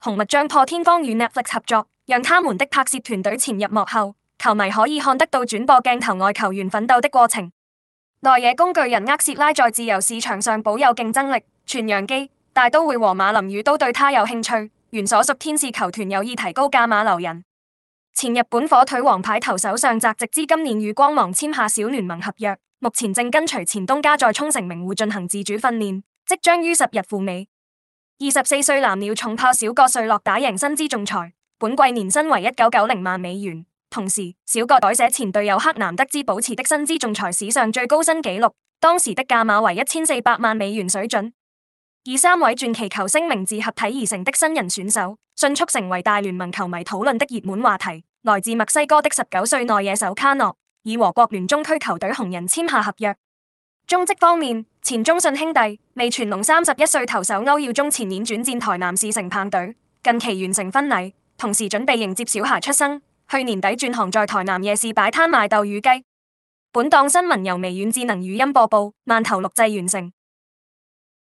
紅襪將破天荒與 Netflix 合作，讓他們的拍攝團隊潛入幕後，球迷可以看得到轉播鏡頭外球員奮鬥的過程。內野工具人厄瑟拉在自由市場上保有競爭力，全洋基、大都會和馬林魚都對他有興趣。原所屬天使球團有意提高價碼留人。前日本火腿王牌投手上澤直之今年與光芒簽下小聯盟合約，目前正跟隨前東家在沖繩名護進行自主訓練，即將於十日赴美。二十四歲藍鳥重炮小葛瑞洛打贏薪資仲裁，本季年薪為一九九零萬美元。同時，小葛改寫前隊友赫南德茲保持的薪資仲裁史上最高薪紀錄，當時的價碼為一千四百萬美元水準。以三位傳奇球星名字合體而成的新人選手，迅速成為大聯盟球迷討論的熱門話題。來自墨西哥的十九歲內野手卡諾，已和國聯中區球隊紅人簽下合約。中職方面，前中信兄弟味全龍三十一歲投手歐耀宗前年轉戰台南市成棒隊，近期完成婚禮，同時準備迎接小孩出生。去年底轉行在台南夜市擺攤賣豆乳雞。本檔新聞由微軟智能語音播報，慢頭錄製完成。